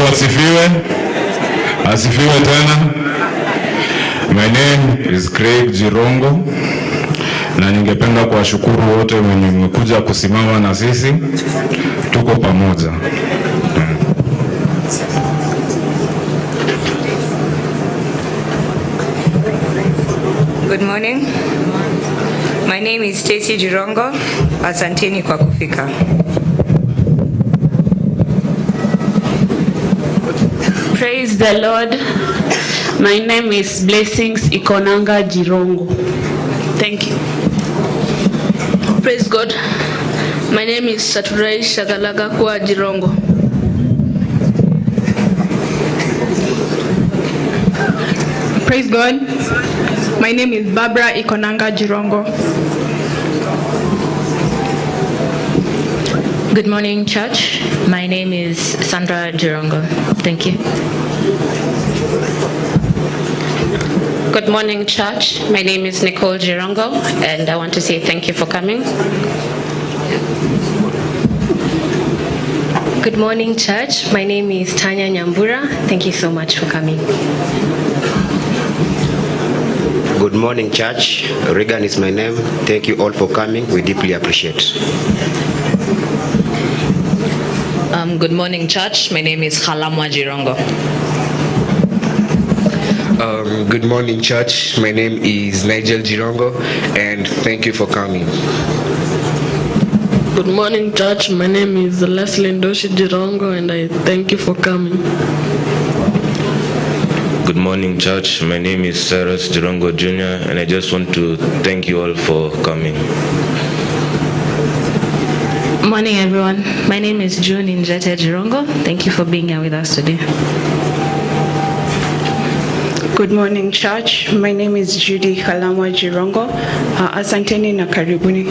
Yesu asifiwe, asifiwe tena. My name is Craig Jirongo, na ningependa kuwashukuru wote wenye mmekuja kusimama na sisi, tuko pamoja. Good morning. My name is Stacy Jirongo. Asanteni kwa kufika. Praise the Lord. My name is Blessings Ikonanga Jirongo. Thank you. Praise God. My name is Saturai Shagalaga Kwa Jirongo. Praise God. My name is Barbara Ikonanga Jirongo. Good morning, church. My name is Sandra Jirongo. Thank you. Good morning, church. My name is Nicole Jirongo, and I want to say thank you for coming. Good morning, church. My name is Tanya Nyambura. Thank you so much for coming. Good morning, church. Reagan is my name. Thank you all for coming. We deeply appreciate. Good morning, church. My name is Halamwa Jirongo. Um, good morning, church. My name is Nigel Jirongo, and thank you for coming. Good morning, church. My name is Leslie Ndoshi Jirongo, and I thank you for coming. Good morning, church. My name is Cyrus Jirongo Jr., and I just want to thank you all for coming. Morning, everyone. My name is June Injete Jirongo. Thank you for being here with us today. Good morning, church. My name is Judy Kalamwa Jirongo. Uh, asanteni na karibuni.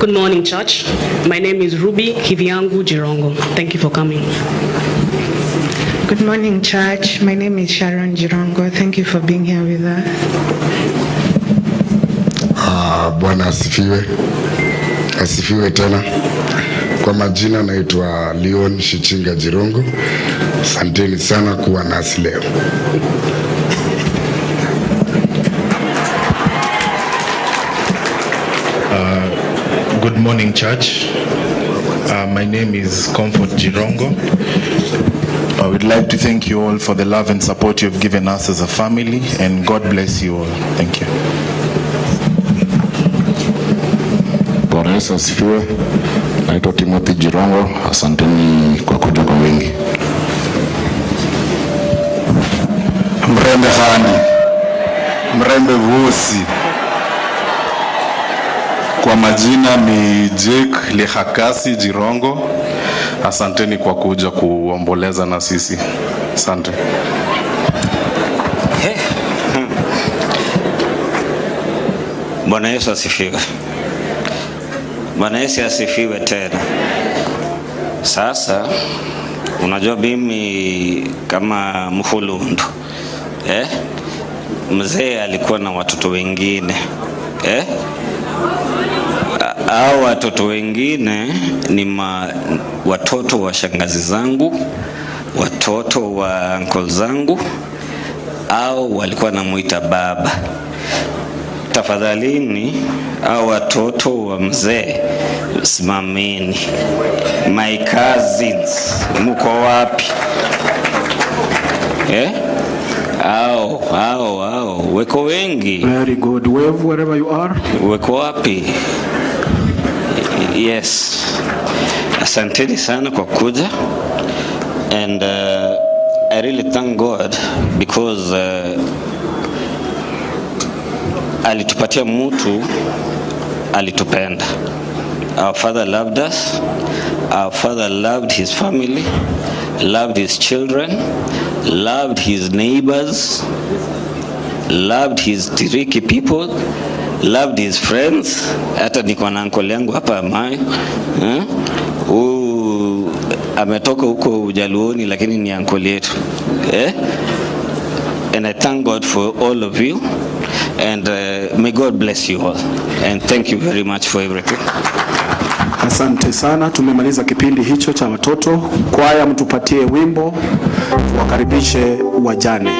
Good morning, church. My name is Ruby Kiviangu Jirongo. Thank you for coming. Good morning, church. My name is Sharon Jirongo. Thank you for being here with us. Uh, Bwana Asifiwe tena. Kwa majina naitwa Leon Shichinga Jirongo. Asanteni sana kuwa nasi leo. Uh, good morning church. Uh, my name is Comfort Jirongo. I would like to thank you all for the love and support you have given us as a family and God bless you all. Thank you. Bwana Yesu asifiwe. Naitwa Timothy Jirongo, asanteni kwa kuja kwa wingi. Mrembe hani, mrembe vusi. Kwa majina ni Jake Lihakasi Jirongo, asanteni kwa kuja kuomboleza na sisi, asante. Eh. Hmm. Bwana Yesu asifiwe. Bwana Yesu asifiwe tena. Sasa unajua mimi kama Mhulundu eh? Mzee alikuwa na watoto wengine eh? Hao watoto wengine ni ma, watoto wa shangazi zangu, watoto wa uncle zangu, au walikuwa namuita baba tafadhalini, au watoto wa mzee simameni. My cousins, mko wapi eh? Ao, ao, ao. Weko wengi. Very good. Wave wherever you are. Weko wapi? Yes. Asanteni sana kwa kuja and uh, I really thank God because uh, alitupatia mtu alitupenda. Our father loved us. Our father loved his family, loved his children, loved his neighbors, loved his Tiriki people, loved his friends. Hata niko na uncle yangu hapa Mayo huyu eh? ametoka huko Ujaluoni, lakini ni uncle yetu eh? And I thank God for all of you and uh, may God bless you all and thank you very much for everything. Asante sana, tumemaliza kipindi hicho cha watoto. Kwaya, mtupatie wimbo wakaribishe wajane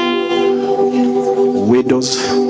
widows.